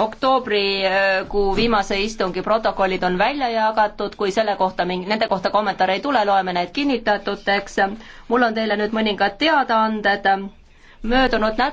oktoobrikuu viimase istungi protokollid on välja jagatud, kui selle kohta mingi, nende kohta kommentaare ei tule, loeme need kinnitatuteks. mul on teile nüüd mõningad teadaanded. möödunud nädalal